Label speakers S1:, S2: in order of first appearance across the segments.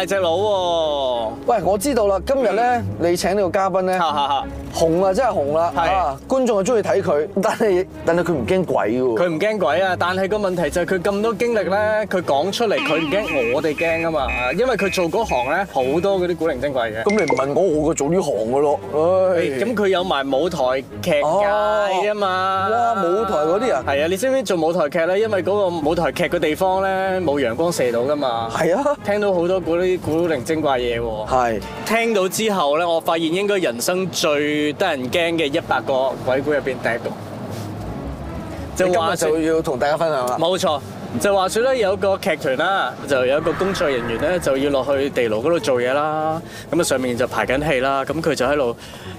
S1: 大隻佬喎！
S2: 喂，我知道啦，今日咧你請呢個嘉賓咧。 紅啊，真係紅啦！係啊，觀眾就中意睇佢，但係但係佢唔驚鬼喎，
S1: 佢唔驚鬼啊！但係個問題就係佢咁多經歷咧，佢講出嚟，佢唔驚我哋驚啊嘛！因為佢做嗰行咧，好多嗰啲古靈精怪嘢。咁你唔問我，我個做呢行嘅咯。咁佢有埋舞台劇㗎嘛？舞台嗰啲人係啊，你知唔知做舞台劇咧？因為嗰個舞台劇嘅地方咧，冇陽光射到㗎嘛。係啊，聽到好多嗰啲古靈精怪嘢喎。係聽到之後咧，我發現應該人生最得人驚嘅一百個鬼故入邊第一個就話，就今日就要
S2: 同大家分享啦。
S1: 冇錯，就話説咧，有個劇團啦，就有一個工作人員咧，就要落去地牢嗰度做嘢啦。咁啊，上面就排緊戲啦。咁佢就喺度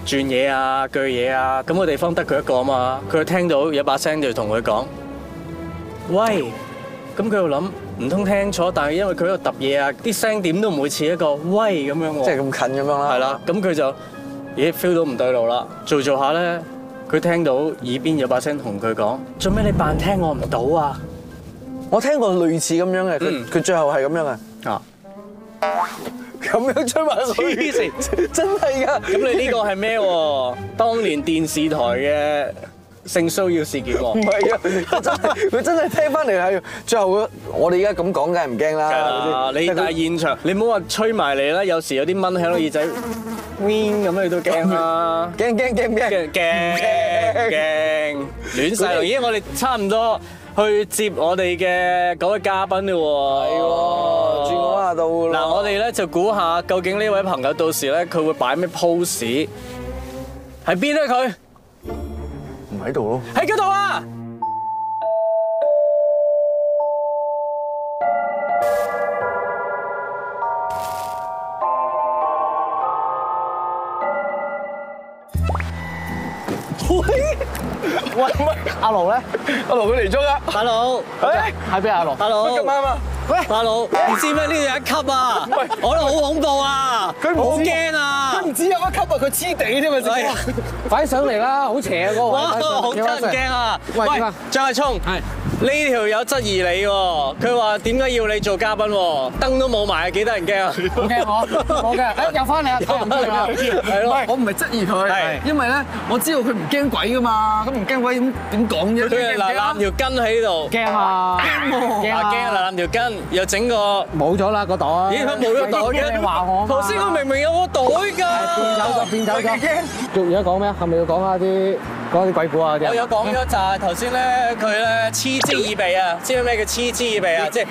S1: 轉嘢啊、鋸嘢啊。咁個地方得佢一個啊嘛。佢就聽到有一把聲就同佢講：喂！咁佢就諗，唔通聽錯？但係因為佢喺度揼嘢啊，啲聲點都唔會似一個喂咁樣喎。即係咁近咁樣啦。係啦，咁佢就。咦，feel 到唔對路啦！做一做下咧，佢聽到耳邊有把聲同佢講：做咩你扮聽我唔到啊？我聽過類
S2: 似咁樣嘅，佢佢最後係咁樣嘅啊！
S3: 咁樣吹埋水，
S1: 真係噶！咁的你呢個係咩？當年電視台嘅性騷擾事件唔係啊，佢真
S2: 係佢真係聽翻嚟係最後我哋而家咁講梗係唔驚啦。你但係
S1: 現場，他你唔好話吹埋嚟啦。有時有啲蚊喺度耳仔。Win 咁你都驚啦，驚驚驚驚驚驚亂晒咯！咦，我哋差唔多去接我哋嘅嗰位嘉賓嘞喎，係喎，轉個下道咯。嗱，我哋咧就估下究竟呢位朋友到時咧佢會擺咩 pose，喺邊咧佢？唔喺度咯，喺嗰度啊！
S4: 喂，喂，阿龍咧？阿龍佢嚟咗啦。Hello，喺邊啊？阿龍。Hello。喂。h e 喂 l o Hello，知唔知呢度一級啊？喂，我都好恐怖啊。佢唔驚啊？佢唔知有一級啊？佢黐地啫嘛，自己。快上嚟啦！好邪啊嗰個。哇，好真驚
S1: 啊！喂，張繼聰。係。呢條友質疑你喎，佢話點解要你做嘉賓喎？燈都冇埋，幾得人驚啊！唔驚我，我嘅，哎，又翻嚟啦，又翻嚟啦，係咯，我唔係質疑佢，因為咧我知道佢唔驚鬼噶嘛，咁唔驚鬼點點講啫？係啦，攬條筋喺度，驚啊，驚喎，啊驚啦，攬條筋又整個，冇咗啦個袋，點解冇咗袋嘅？頭先佢明明有個袋㗎，變走咗，變走咗，而
S4: 家講咩？係咪要講下啲？講啲鬼故啊！我有講咗
S1: 咋，頭先咧，佢咧嗤之以鼻啊！知唔知咩叫嗤之以鼻啊？即係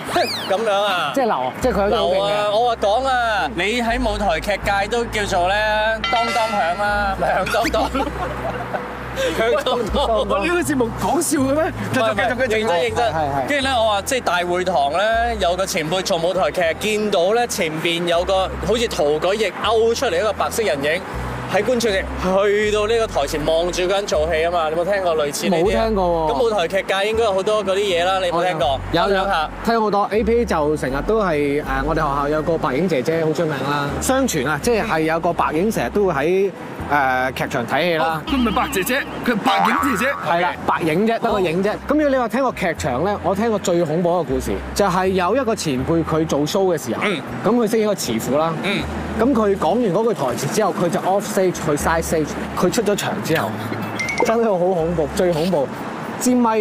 S1: 咁樣啊！即係流，即係佢流啊！我話講啊，你喺舞台劇界都叫做咧當當響啦，響當當當。佢當當當，呢個節目講笑嘅咩？認真認真。跟住咧，我話即係大會堂咧，有個前輩做舞台劇見到咧前邊有個好似陶舉翼勾出嚟一個白色人影。喺觀眾席去到呢個台前望住嗰做戲啊嘛，你有冇聽過類似呢啲？冇聽過喎。咁舞台劇界應該有好多嗰啲嘢啦，你冇聽過？
S4: 有有，吓，聽好多 A P 就成日都係誒，我哋學校有個白影姐姐好出名啦，相傳啊，即係有個白影成日都會喺。誒、uh, 劇場睇戲啦，
S2: 唔係白姐姐，佢白影
S4: 姐姐，係啦 Okay.，白影啫，得個影啫。咁如果你話聽過劇場咧，我聽過最恐怖一個故事，就係有一個前輩佢做 show 嘅時候，咁佢飾一個慈父啦，咁佢講完嗰句台詞之後，佢就 off stage 去 side stage，佢出咗場，場之後，真係好恐怖，最恐怖，支咪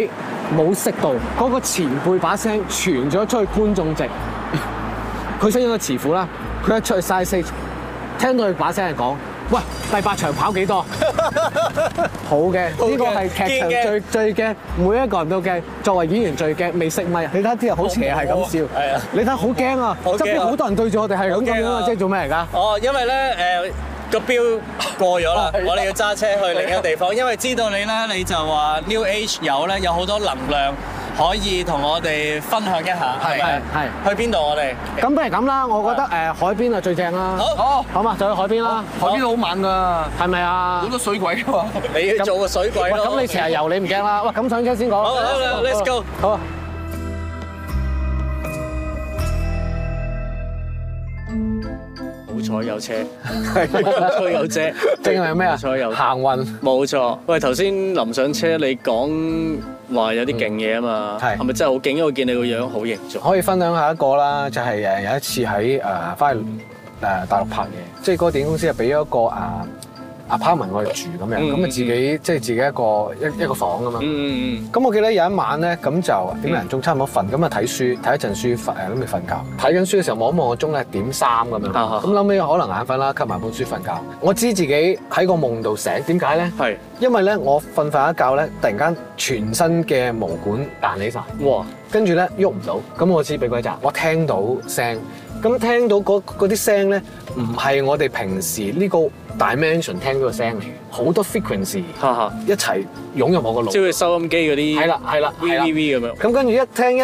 S4: 冇熄到，嗰、那個前輩把聲傳咗出去觀眾席，佢飾一個慈父啦，佢一出去 side stage，聽到佢把聲係講。喂，第八場跑幾多？好嘅，呢個係劇場最最驚，每一個人都驚。作為演員最驚，未識咪？你睇啲人好邪，係咁笑。係啊，你睇好驚啊！好驚！側邊好多人對住我哋係咁咁樣啊，即係做咩嚟㗎？哦，
S1: 因為咧誒個標過咗啦，我哋要揸車去另一個地方。因為知道你咧，你就話 New Age 有咧，有好多能量。可以同我哋分享一下，係係係去邊度我哋？咁
S4: 不如咁啦，我覺得誒海邊啊最正啦。好，好，好嘛，就去海邊啦。
S1: 海邊好猛㗎吧，係咪啊？好多水鬼㗎喎！你去做個水鬼，咁你成
S4: 日遊，你唔驚啦？哇，咁上車先講。好 Let's go。好。
S1: 我有車，吹有遮，定係咩啊？坐有行運，冇錯。喂，頭先臨上車你講話有啲勁嘢啊嘛，係咪真係好勁啊？因為我見你個樣好型，仲
S4: 可以分享下一個啦，就係、是、誒有一次喺誒翻去誒大陸拍嘢，即係嗰個電影公司係俾咗一個啊。阿潘文我哋住咁樣，咁啊自己即係自己一個一一個房咁嘛。咁我記得有一晚咧，咁就點人中差唔多瞓，咁啊睇書睇一陣書，瞓誒咁咪瞓覺。睇緊書嘅時候望一望個鐘咧，點三咁樣。咁諗起可能眼瞓啦，吸埋本書瞓覺。我知自己喺個夢度醒，點解咧？係因為咧我瞓瞓一覺咧，突然間全身嘅毛管彈起晒。哇！跟住咧喐唔到，咁我知畀鬼咋？我聽到聲，咁聽到嗰啲聲咧，唔係我哋平時呢個大 dimension 聽嗰個聲，好多 frequency 一齊湧入我個腦，即
S1: 係收音機嗰啲係啦係啦 v v 咁
S4: 樣。咁跟住一聽一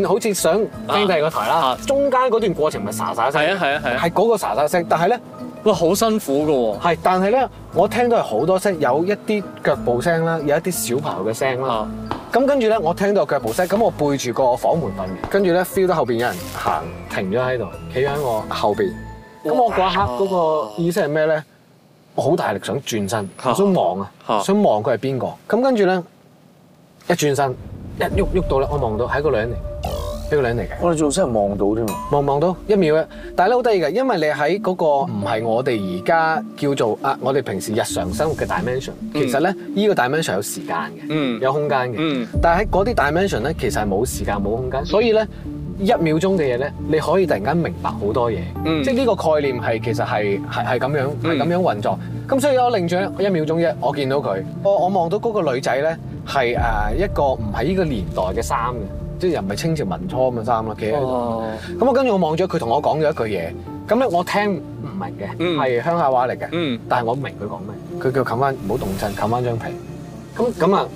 S4: 轉，好似想聽第個台啦，啊、中間嗰段過程咪沙沙聲係啊係啊係啊，係嗰個沙沙聲，但係咧哇好辛苦㗎喎係，但係咧我聽到係好多聲,聲，有一啲腳步聲啦，有一啲小朋友嘅聲啦，咁跟住咧我聽到腳步聲，咁我背住個房門瞓跟住咧 feel 到後面有人行停咗喺度，企喺我後面。咁哇我嗰刻嗰個意識係咩咧？啊我好大力想轉身，我想望啊，想望佢係邊個？咁跟住咧，一轉身，一喐喐到啦，我望到係一個女人嚟，一個女人嚟嘅。
S2: 我哋做真係望到添嘛，望望到一秒咧。
S4: 但係咧好得意嘅，因為你喺嗰個唔係我哋而家叫做啊，我哋平時日常生活嘅 dimension。其實咧，依個 dimension 有時間嘅，
S1: 有空間
S4: 嘅。但係喺嗰啲 dimension 咧，其實係冇時間冇空間。所以咧，一秒鐘嘅嘢咧，你可以突然間明白好多嘢，嗯、即係呢個概念係其實係係係咁樣，係咁、嗯、樣運作。咁所以我拎住一秒鐘啫，我見到佢，我我望到嗰個女仔咧係誒一個唔係呢個年代嘅衫嘅，即係又唔係清朝民初咁嘅衫啦。哦企喺度，咁我跟住我望咗佢同我講咗一句嘢，咁咧我聽唔明嘅，係鄉下話嚟嘅，嗯、但係我明佢講咩。佢叫冚翻，唔好動陣，冚翻張被」嗯那。咁咁啊，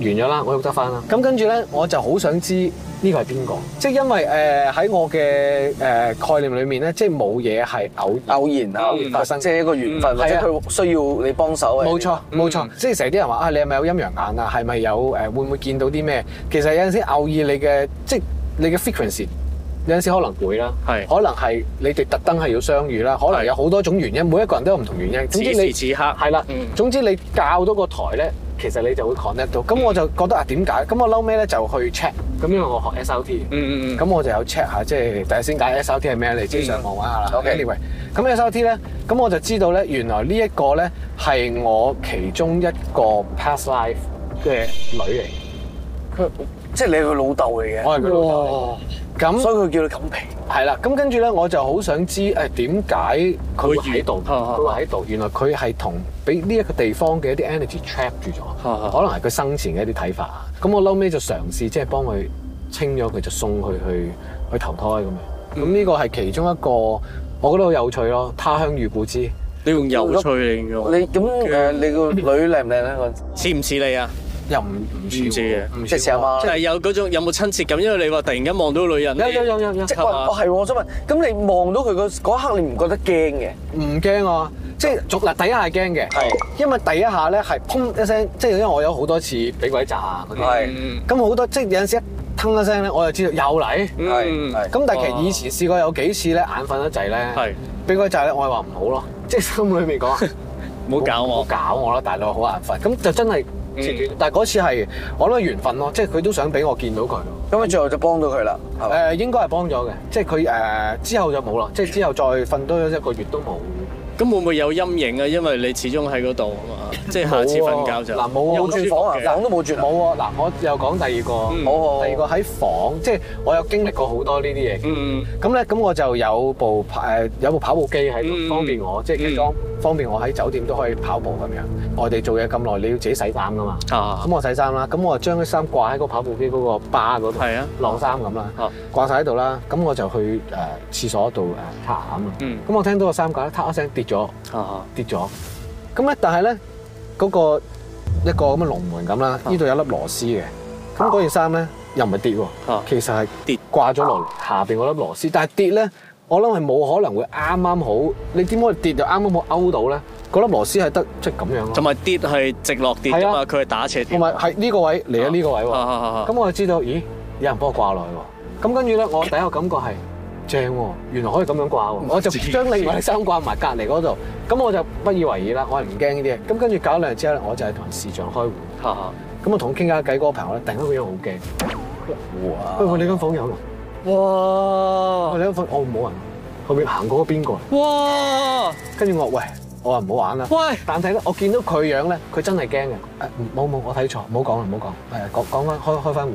S4: 完咗啦，我喐得翻啦。咁跟住咧，我就好想知。呢個係邊個？即係因為誒喺我嘅誒概念裏面咧，即係冇嘢係偶偶然偶然，偶然發生，嗯，即係一個緣分，嗯、或者佢需要你幫手嘅。冇錯，冇錯。即係成日啲人話啊，你係咪有陰陽眼啊？係咪有誒？會唔會見到啲咩？其實有陣時偶爾你嘅，即係你嘅 frequency 有陣時可能會啦，係可能係你哋特登係要相遇啦。可能有好多種原因，每一個人都有唔同原因。總之你此，此刻，係啦，嗯、總之你較到個台咧。其實你就會 contact 到，咁我就覺得啊點解？咁我嬲咩咧？就去 check，咁因為我學 SRT 嗯嗯嗯，咁我就有 check 下，即係第一先解 SRT 係咩，你自己上網玩下啦。OK，anyway，咁 SRT、嗯好的 anyway, t 咧，咁我就知道咧，原來呢一個咧係我其中一個 past life 嘅女嚟，佢
S2: 即係你係佢老豆嚟嘅，爸爸我係佢老豆。
S4: 咁那所以佢叫佢咁皮，係啦。咁跟住咧，我就好想知誒點解佢喺度，佢話喺度。原來佢係同俾呢一個地方嘅一啲 energy trap 住咗，可能係佢生前嘅一啲睇法。咁我嬲尾就嘗試即係幫佢清咗，佢就送佢去去投胎咁。咁呢個係其中一個，我覺得好有趣咯。他鄉遇故知，
S1: 你用有趣嚟形容。你
S2: 咁誒，你個女靚唔靚咧？似唔似你啊？又唔唔似嘅，即係啊即但係
S1: 有嗰種，有冇親切感？因為你話突然間望到女人，有有有有有，即係我係，我
S2: 想問，咁你
S4: 望到佢嗰刻，你唔覺得驚嘅？唔驚啊，即係逐嗱第一下係驚嘅，係，是 因為第一下咧係砰一聲，即係因為我有好多次俾鬼炸嗰啲，
S2: 係是、嗯，
S4: 咁好多即係有陣時一砰一聲咧，我就知道有嚟，係，咁但係其實以前試過有幾次咧，是 眼瞓得滯咧，係，俾鬼炸咧，我係話唔好咯，即、就、係、是、心裏面講，唔好搞我，唔好搞我啦，大佬好眼瞓，咁就真係。但係嗰次係我諗係緣分咯，即係佢都想俾我見到佢，咁佢最後就幫到佢啦。誒應該係幫咗嘅，即係佢誒之後就冇
S1: 啦，即係之後再瞓多咗一個月都冇。咁會唔會有陰影啊？因為你始終喺嗰度啊嘛，即係下次瞓覺就嗱，冇，冇住房
S4: 啊，都冇住房喎。嗱，有我又講、嗯、第二個，第二個喺房，即係我有經歷過好多呢啲嘢咁咧，咁我就有部有部跑步機喺度，方便我、嗯、即係亦方便我喺酒店都可以跑步咁樣。外地做嘢咁耐，你要自己洗衫噶嘛？咁我洗衫啦，咁我將啲衫掛喺個跑步機嗰個巴嗰度晾衫咁啦，掛晒喺度啦，咁我就去誒廁所度誒擦下，咁我聽到個衫架一咗，跌咗，咁咧，但係咧，嗰個一個咁嘅龍門咁啦，呢度有粒螺絲嘅，咁嗰件衫咧又唔係跌，其實係跌掛咗落下邊嗰粒螺絲，但係跌咧，我諗係冇可能會啱啱好，你點解跌就啱啱好勾到咧？嗰粒螺絲係得即係咁
S1: 樣咯，同埋跌係直落跌噶嘛，佢係打斜同埋係呢個位嚟咗呢個位喎，咁
S4: 我就知道，咦，
S1: 有人幫我掛落去喎，
S4: 咁跟住咧，我第一個感覺係。正喎，原來可以咁樣掛喎，我就將另外嘅衫掛埋隔離嗰度，咁我就不以為意啦，我係唔驚呢啲嘢。咁跟住搞兩日之後，我就係同視像開會。咁我同佢傾下偈嗰個朋友咧，突然間個樣好驚。開會你間房有哇 房有冇？哇！我你間房我冇人，後面行過邊個？哇！跟住我話，喂，我話唔好玩啦。喂但！但係咧，我見到佢樣咧，佢真係驚嘅。唔冇冇，我睇錯，唔好講啦，唔好講。係啊，講講翻開開翻會。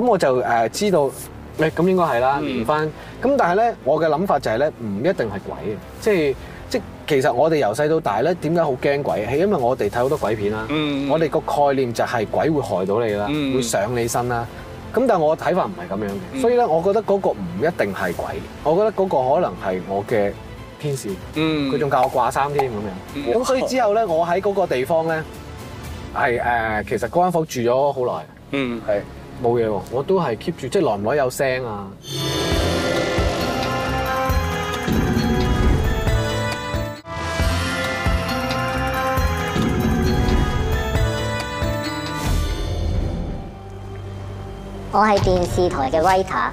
S4: 咁我就知道。誒咁應該係啦，連翻。咁但係咧，我嘅諗法就係咧，唔一定係鬼嘅，即係即係其實我哋由細到大咧，點解好驚鬼？係因為我哋睇好多鬼片啦，我哋個概念就係鬼會害到你啦，會上你身啦。咁但係我睇法唔係咁樣嘅，所以咧，我覺得嗰個唔一定係鬼，我覺得嗰個可能係我嘅天使，佢仲教我掛衫添咁樣。咁所以之後咧，我喺嗰個地方咧係誒，其實嗰間房住咗好耐，嗯係。冇嘢喎，我都係 keep 住，即係耐唔耐有聲啊！
S3: 我係電視台嘅威塔。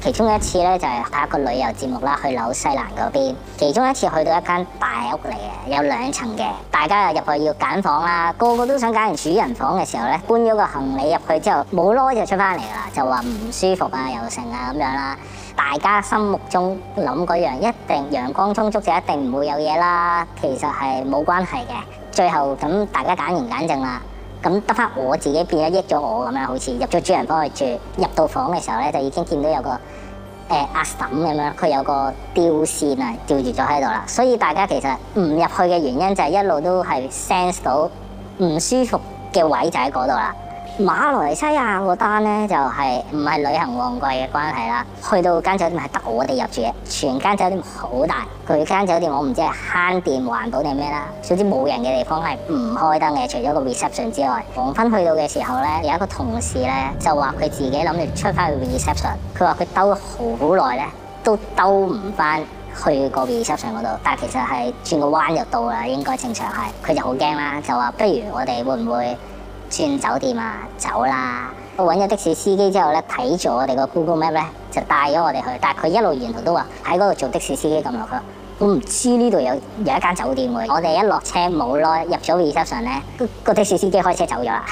S3: 其中一次咧就係拍一個旅遊節目啦，去紐西蘭嗰邊。其中一次去到一間大屋嚟嘅，有兩層嘅。大家入去要揀房啦，個個都想揀完主人房嘅時候咧，搬咗個行李入去之後，冇耐就出翻嚟啦，就話唔舒服啊，又剩啊咁樣啦。大家心目中諗嗰樣一定陽光充足就一定唔會有嘢啦，其實係冇關係嘅。最後咁大家揀完揀正啦。咁得翻我自己變咗益咗我咁樣，好似入咗主人房去住，入到房嘅時候咧，就已經見到有個誒壓沈咁樣，佢、呃、有個吊線啊吊住咗喺度啦，所以大家其實唔入去嘅原因就係一路都係 sense 到唔舒服嘅位就喺嗰度啦。馬來西亞個單咧就係唔係旅行旺季嘅關係啦，去到間酒店係得我哋入住嘅，全間酒店好大，佢間酒店我唔知係慳電環保定咩啦，總之冇人嘅地方係唔開燈嘅，除咗個 reception 之外，黃昏去到嘅時候咧，有一個同事咧就話佢自己諗住出翻去 reception，佢話佢兜好耐咧都兜唔翻去個 reception 嗰度，但係其實係轉個彎就到啦，應該正常係，佢就好驚啦，就話不如我哋會唔會？轉酒店啊，走啦！我揾咗的士司機之後呢，睇咗我哋個 Google Map 呢，就帶咗我哋去。但係佢一路沿途都話喺嗰度做的士司機咁落去。我唔知呢度有有一間酒店喎。我哋一落車冇耐入咗 reception 呢，個個的士司機開車走咗啦。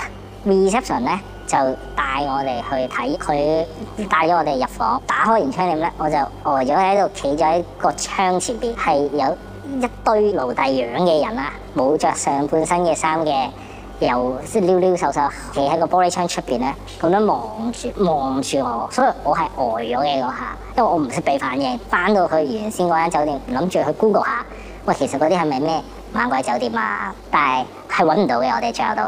S3: reception 呢就帶我哋去睇，佢帶咗我哋入房，打開完窗簾呢，我就呆咗喺度，企、哦、喺，站喺個窗前面，係有一堆奴隸樣嘅人啊，冇着上半身嘅衫嘅。又即係溜溜瘦瘦企喺個玻璃窗出邊咧，咁樣望住望住我，所以我係呆咗嘅嗰下，因為我唔識俾反應。翻到去原先嗰間酒店，諗住去 Google 下，喂，其實嗰啲係咪咩猛鬼酒店啊？但係係揾唔到嘅，我哋最後都。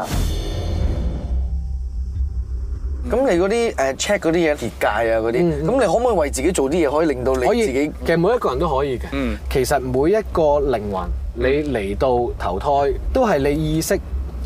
S2: 咁你嗰啲誒 check 嗰啲嘢，結界啊嗰啲，咁你可唔可以為自己做啲嘢，可以令到你自己？其實每一個人都可以嘅。嗯，其實每一個靈魂你嚟
S4: 到投胎，都係你意識，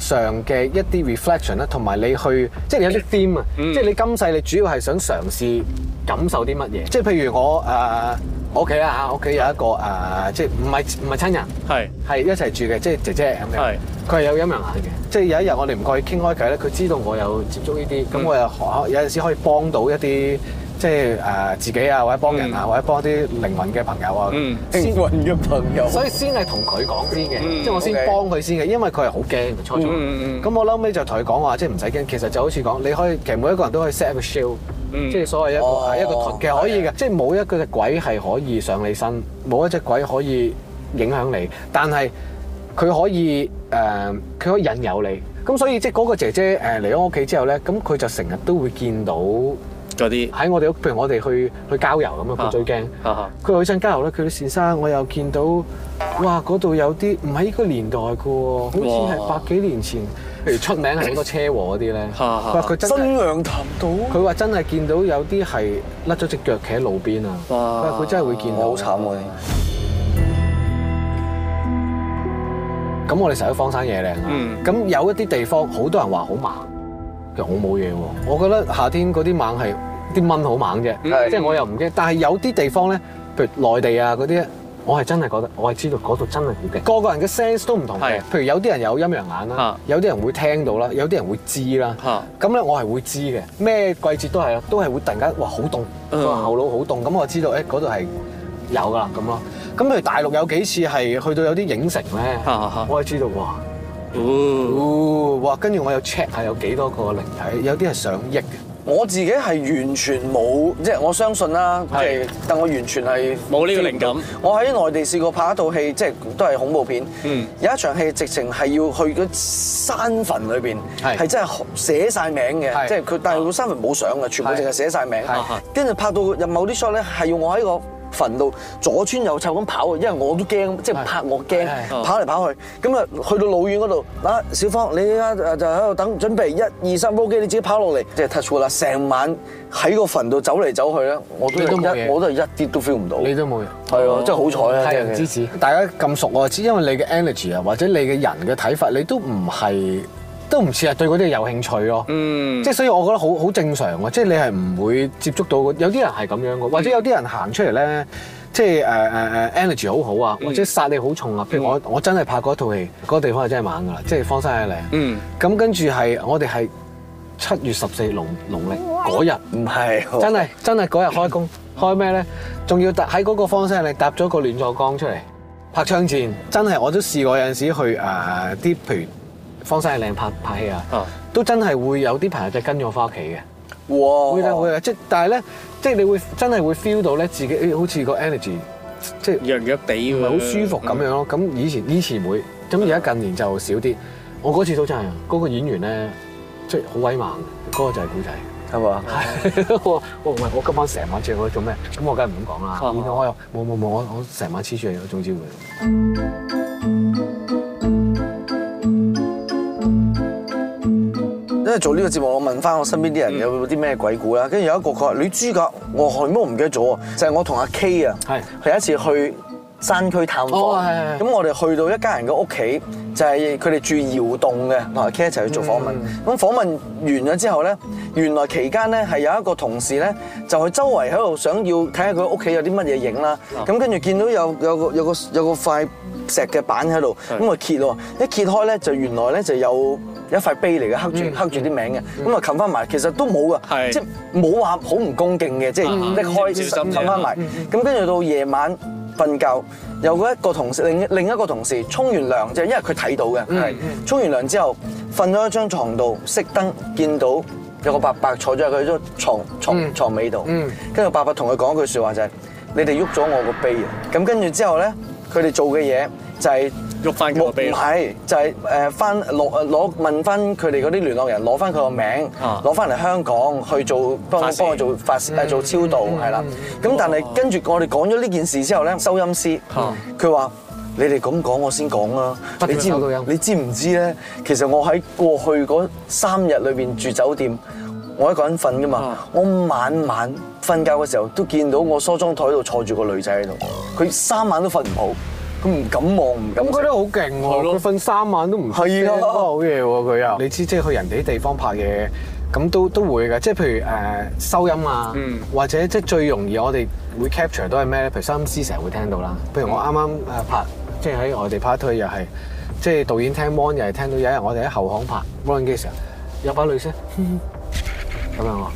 S4: 上嘅一啲 reflection 咧，同埋你去即係有啲 theme 啊，即係你，你今世你主要係想嘗試感受啲乜嘢，即係譬如我誒、呃、我屋企啦吓，屋企有一個誒即係唔係唔係親人，係係一齊住嘅，即係姐姐咁樣，佢係有陰陽眼嘅，即係有一日我哋唔過去傾開偈咧，佢知道我有接觸呢啲，咁我又學，有陣時可以幫到一啲。即係誒自己啊，或者幫人啊，或者幫啲靈魂嘅朋友啊，靈魂嘅朋友，所以先係同佢講先嘅，即係我先幫佢先嘅，因為佢係好驚嘅初初。咁我後尾就同佢講話，即係唔使驚，其實就好似講，你可以其實每一個人都可以 set 一個 shield，即係所謂一個一個團嘅可以嘅，即係冇一個嘅鬼係可以上你身，冇一隻鬼可以影響你，但係佢可以誒，佢可以引誘你。咁所以即係嗰個姐姐誒嚟咗我屋企之後咧，咁佢就成日都會見到。嗰啲喺我哋屋，譬如我哋去去郊遊咁啊，佢最驚。佢去親郊遊咧，佢啲先生我又見到那裡。哇，嗰度有啲唔係依個年代嘅喎，好似係百幾年前。譬如出名係好多車禍嗰啲咧，佢真係新娘潭道，佢話真係見到有啲係甩咗隻腳企喺路邊啊！佢真係會見到，好慘喎。咁我哋成日都荒山野嶺啊，咁有一啲地方好多人話好麻。其實我冇嘢喎，我覺得夏天嗰啲猛係啲蚊好猛啫，即係的、嗯、我又唔驚。但係有啲地方咧，譬如內地啊嗰啲，我係真係覺得我係知道嗰度真係好凍。個個人嘅 sense 都唔同嘅，是的 譬如有啲人有陰陽眼啦，有啲人會聽到啦，有啲人會知啦。咁咧我係會知嘅，咩季節都係呀，都係會突然間哇好凍，個後腦好凍，咁我知道誒嗰度係有㗎啦咁咯。咁譬如大陸有幾次係去到有啲影城咧，我係知道哇。哇！跟住我有 check 下有幾多個靈體，
S2: 有啲係上億嘅。我自己係完全冇，即係我相信啦，即係，但我完全係冇呢個靈感。我喺內地試過拍一套戲，即係都係恐怖片。嗯，有一場戲直情係要去嗰山墳裏邊，係真係寫晒名嘅，即係佢，但係個山墳冇相嘅，全部淨係寫晒名。跟住係，拍到入某啲 shot 咧，係要我喺個。墳度左穿右臭咁跑，因為我都驚，即係怕我驚跑嚟跑去，咁啊去到老遠嗰度，嗱，小芳你依家就喺度等準備，一二三，摩機你自己跑落嚟，即係踢錯啦！成晚喺個墳度走嚟走去咧，我一都一我都一啲都 feel 唔到你對，你都冇嘢，係啊，真係好彩啊！太陽之
S4: 大家咁熟我知，因為你嘅 energy 啊，或者你嘅人嘅睇法，你都唔係。都唔似係對嗰啲有興趣咯，
S3: 即係
S4: 所以我覺得好好正常嘅，即係你係唔會接觸到有啲人係咁樣嘅，或者有啲人行出嚟咧，即係誒誒誒 energy 好好啊，或者殺力好重啊。譬如我我真係拍嗰套戲，嗰、那個、地方係真係猛噶啦，即係荒山嶺。嗯，咁跟住係我哋係七月十四農農曆嗰日，唔係真係真係嗰日開工，開咩咧？仲要喺嗰個荒山嶺搭咗個亂葬崗出嚟拍槍戰真的，真係我都試過有陣時去誒啲譬如。方晒係靚拍拍戲啊，都真係會有啲朋友就係跟住我翻屋企嘅。哇！會啊會啊！即但係咧，即係你會真係會 feel 到咧，自己好似個 energy 即
S1: 係弱弱地好舒服咁樣
S4: 咯。咁以前以前，以前會，咁而家近年就少啲。我嗰次都真係，嗰個演員咧即係好威猛嘅，嗰、嗰個就係古仔，係嘛？我唔係，我今晚成晚著我做咩？咁我梗係唔敢講啦。然後我又冇冇冇，我我成晚黐住佢，總之會。
S2: 即係做呢個節目，我問翻我身邊啲人有冇啲咩鬼故啦。跟住有一個佢話你豬噶、哦，我後乜？就是、我唔記得咗就係我同阿 K 啊，係第一次去山區探訪。咁、哦、我哋去到一家人嘅屋企，就係佢哋住窯洞嘅，同阿 K 一齊去做訪問。咁、嗯、訪問完咗之後咧，原來期間咧係有一個同事咧，就去周圍喺度想要睇下佢屋企有啲乜嘢影啦。咁跟住見到有有個有個有個塊石嘅板喺度，咁啊揭咯。一揭開咧就原來咧就有一塊碑嚟嘅，刻住刻住啲名嘅，咁啊冚翻埋，其實都冇噶，即係冇話好唔恭敬嘅，即係一開始，冚翻埋，咁跟住到夜晚瞓覺，有一個一個同事，另另一個同事沖完涼之後，因為佢睇到嘅，係沖完涼之後瞓咗一張床度，熄燈見到有個伯伯坐咗喺佢張床牀牀尾度，跟住伯伯同佢講一句説話就係、是：你哋喐咗我個碑啊！咁跟住之後咧。佢哋做嘅嘢就係喐翻佢，唔係，就係誒翻攞攞問翻佢哋嗰啲聯絡人，攞翻佢個名，攞翻嚟香港去做幫我幫我做發誒誓做超度係啦。咁但係跟住我哋講咗呢件事之後咧，收音師吓，佢話你哋咁講我先講啦。你知唔？不到音你知唔知咧？其實我喺過去嗰三日裏邊住酒店。我一個人瞓㗎嘛，我晚晚瞓覺嘅時候都見到我梳妝台度坐住個女仔喺度。佢三晚都瞓唔好，佢唔敢望。咁佢都
S4: 好勁喎，佢瞓對吧 三晚都唔係，都好嘢喎佢啊！你知即係去人哋啲地方拍嘢，咁都都會㗎。即係譬如收音啊，或者即係最容易我哋會 capture 都係咩咧？譬如收音師成日會聽到啦。譬如我啱啱拍即係喺外地拍拖又係，即係導演聽 mon 又係聽到有一日我哋喺後巷拍 mon 嘅時候有把女聲。 咁樣咯，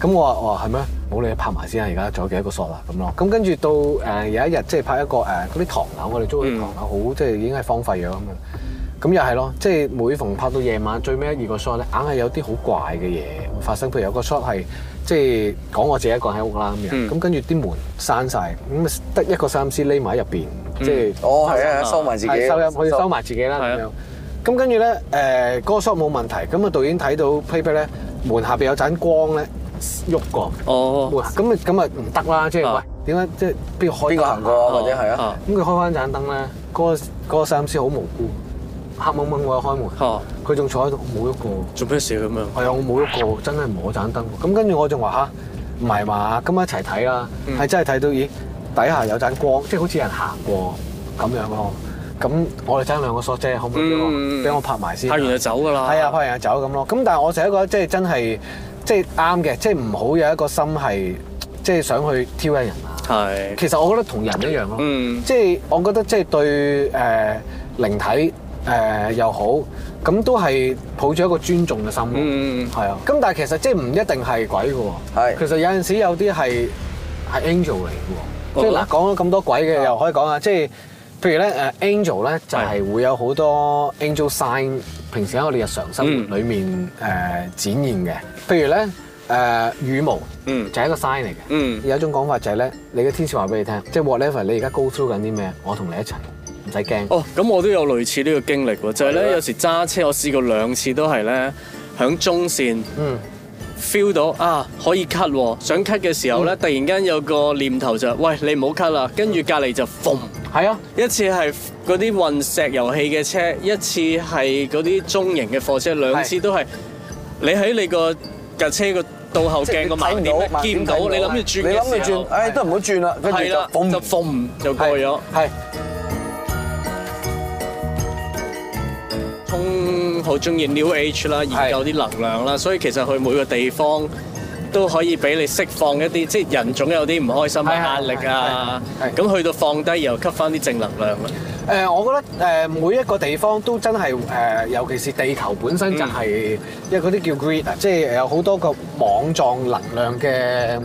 S4: 咁我話我話係咩？冇理，拍埋先啊！而家仲有幾多個 shot 啊？咁咯，咁跟住到誒有一日即係拍一個誒嗰啲唐樓，我哋租嘅唐樓好即係已經係荒廢咗咁樣，咁又係咯，即係每逢拍到夜晚最尾一二個 shot 咧，硬係有啲好怪嘅嘢發生。譬如有個 shot 係即係講我自己一個喺屋啦，咁跟住啲門閂晒，咁得一個攝影師匿埋喺入邊，即係，哦，係啊，收埋自己收收埋自己啦咁樣。咁跟住咧誒嗰個 shot 冇問題，咁啊導演睇到 paper 咧。門下邊有盞光咧，喐過哦。咁啊咁啊唔得啦，即係是的 喂，點解即係邊個開邊個行過或者係啊？咁佢開返盞燈咧，嗰、那個嗰、那個攝影師好無辜，黑掹掹喎，開門，佢仲是的 坐喺度冇喐過，
S1: 做咩事咁樣？係
S4: 啊，我冇喐過，真係冇盞燈。咁跟住我仲話吓，唔係嘛？咁、嗯、一齊睇啦，係真係睇到咦底下有盞光，即係好似人行過咁樣咯。咁我哋爭兩個 shot 啫好唔好？俾我拍埋先，拍完就走㗎喇。係啊，拍完就走咁咯。咁但係我成日覺得即係真係即係啱嘅，即係唔好有一個心係即係想去挑釁人啊。
S1: 係。其實我覺得同人一樣咯，
S4: 即係我覺得即係對誒靈體誒又好，咁都係抱住一個尊重嘅心咯。嗯係啊。咁但係其實即係唔一定係鬼㗎喎。係。其實有陣時有啲係係 angel 嚟嘅喎。即係嗱，講咗咁多鬼嘅，又可以講下即係。譬如咧，誒 angel 咧就係會有好多 angel sign，平時喺我哋日常生活裏面誒展現嘅。譬如咧，誒羽毛就係一個 sign 嚟嘅。嗯，有一種講法就係咧，你嘅天使話俾你聽，即係 whatever 你而家 go through 緊啲咩，我同你一齊，唔使驚。
S1: 哦，咁我都有類似呢個經歷喎，就係咧，有時揸車，我試過兩次都係咧，響中線 feel 到啊可以 cut 喎，想 cut 嘅時候咧，突然間有個念頭就喂，你唔好 cut 啦，跟住隔籬就係啊！一次係嗰啲運石油氣嘅車，一次係嗰啲中型嘅貨車，兩次都係你喺你個架車個倒後鏡個盲點，見唔到？你諗住轉，諗住轉？
S2: 誒，都唔好轉啦！係啦，
S1: 就逢就過咗。係。通好中意 New Age 啦，研究啲能量啦，所以其實去每個地方，都可以俾你釋放一啲，即係人總有啲唔開心嘅壓力啊，咁去到放低又吸翻啲正能量咯。
S4: 誒，我覺得誒每一個地方都真係誒，尤其是地球本身就係，因為嗰啲叫 g r e e d 啊，即係有好多個網狀能量嘅。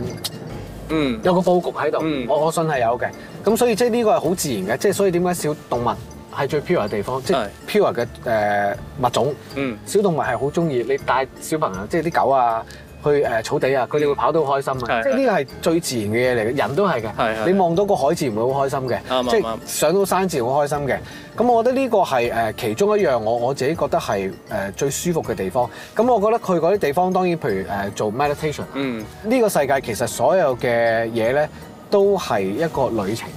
S4: 嗯，有個佈局喺度，我我信係有嘅。咁所以即係呢個係好自然嘅，即係所以點解小動物係最 pure」嘅地方，即係 pure」嘅誒物種。嗯，小動物係好中意你帶小朋友，即係啲狗啊。去草地啊，佢哋會跑到好開心啊，即係呢個係最自然嘅嘢嚟嘅，人都係嘅。對對，你望到個海自然會好開心嘅，即係對對 上到山自然好開心嘅。咁我覺得呢個係其中一樣，我我自己覺得係最舒服嘅地，地方。咁我覺得去嗰啲地方，當然譬如做 meditation。嗯，呢個世界其實所有嘅嘢咧，都係一個旅程。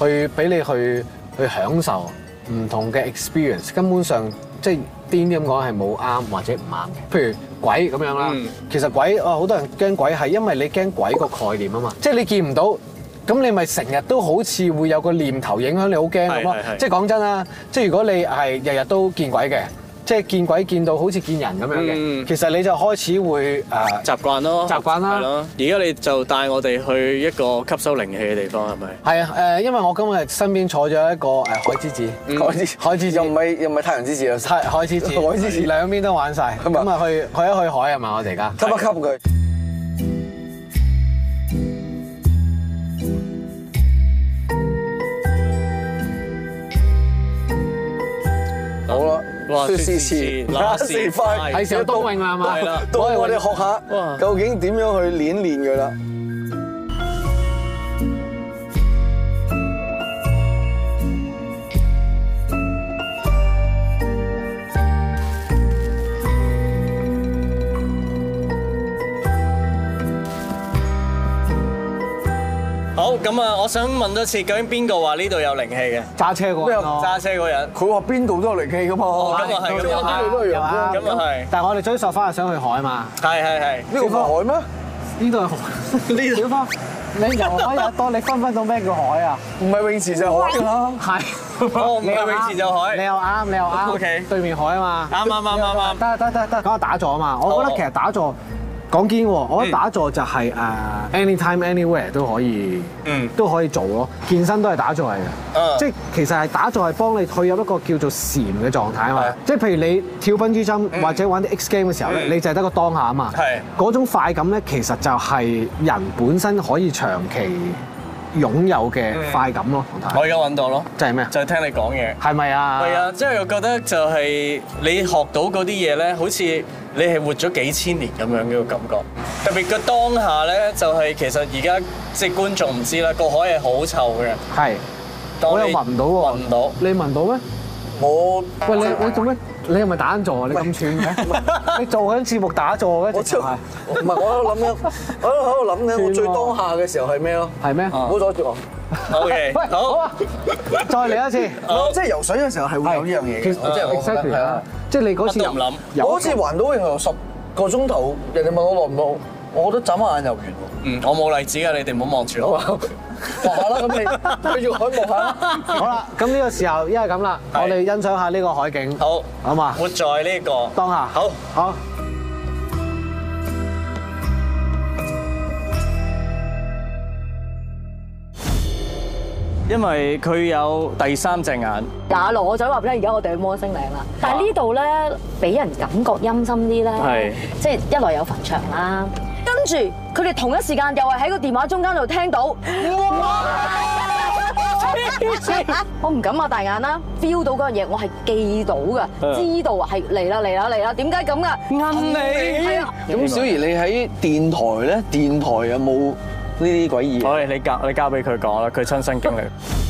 S4: 去俾你去去享受唔同嘅 experience，根本上即係。呢啲點講係冇啱或者唔啱，譬如鬼咁樣啦。其實鬼啊，好多人驚鬼係因為你驚鬼個概念啊嘛。即係你見唔到，咁你咪成日都好似會有個念頭影響你好驚咁咯。即係講真啦，即係如果你係日日都見鬼嘅。即係見鬼見到好似見人咁樣嘅，其實你就開始會
S1: 誒習慣咯，習慣啦。係咯。而家你就帶我哋去一個吸收靈氣嘅地方，係咪？
S4: 係啊，誒，因為我今日身邊坐咗一個海之子，海之海之子，
S2: 唔係唔係太陽之子啊，太海之子，海之子
S4: 兩邊都玩晒對吧。咁啊去去一去海係咪？我哋而
S2: 家吸一吸佢。
S1: 說時遲，那時快，係時候到啦嘛！都對我哋學下
S2: 究竟點樣去練練佢啦。
S1: 咁啊，我想問多次，究竟邊個話呢度有靈氣嘅？揸車嗰個，揸車嗰人。佢話邊
S4: 度都有靈氣噶嘛？咁啊係，咁啊係。有啱，咁啊係。但係我哋追索翻係想去海嘛？係係係。呢度海咩？呢度有海。呢小花，你游
S1: 海又多，你
S4: 分分到咩叫海啊？唔係泳池就海咯。係。唔係泳池就海。你又啱，你又啱。O K。對面海啊嘛。啱啱啱啱啱。得得得得得。嗰個打坐啊嘛，我覺得其實打坐。講堅喎，我一打坐就係誒，anytime anywhere 都可以，都可以做咯。健身都係打坐嚟嘅，即係其實係打坐係幫你進入一個叫做禪嘅狀態啊嘛。即係譬如你跳笨豬跳或者玩啲 X game 嘅時候咧，你就係得個當下啊嘛。係嗰種快感咧，其實就係人本身可以長期。擁有嘅快感咯，我而家揾
S1: 到咯，即係咩？就係聽你講嘢，係咪啊？係啊，即係我覺得就係你學到嗰啲嘢咧，好似你係活咗幾千年咁樣嘅感覺。特別佢當下咧，就係其實而家即係觀眾唔知啦，個海係好臭嘅。
S4: 係但我又聞唔到喎，聞唔到？你聞到咩？我餵你，你做咩？你係咪打坐啊？你咁串嘅？
S2: 你做緊節目打坐嘅？我即係，唔係我喺度諗緊，我喺度諗緊。我最當下嘅時候係咩咯？係咩？唔好阻住
S1: 我。OK。喂，好
S2: 啊，再嚟一次。即係游水嘅時候係會有呢樣嘢。我即係 exact 嘅。即係你嗰次入嚟，我好似環島泳遊十個鐘頭，人哋問我耐唔耐，我都眨下眼遊完。
S1: 嗯，我冇例子啊，你哋唔好望住我。
S2: 望下啦，咁你去粵海望下啦。好啦，咁
S4: 呢個時候一係咁啦，我哋欣賞下呢
S1: 個海景。好，好嘛。活在呢個當下。好，好。因為佢有第三隻眼。嗱，阿羅就話咧，而家我哋
S2: 去摩星嶺啦，但係呢度咧，俾人感覺陰森啲咧，係，即係一來有墳場啦。住！佢哋同一時間又係喺個電話中間度聽到，
S1: 我
S2: 不到，我唔敢擘大眼啦。feel 到嗰樣嘢，我係記到㗎，知道啊，係嚟啦嚟啦嚟啦！點解咁噶？暗嚟。咁對小儀你喺電台咧，電台有冇呢啲詭異？喂，你交你交俾佢
S1: 講啦，佢親身經歷。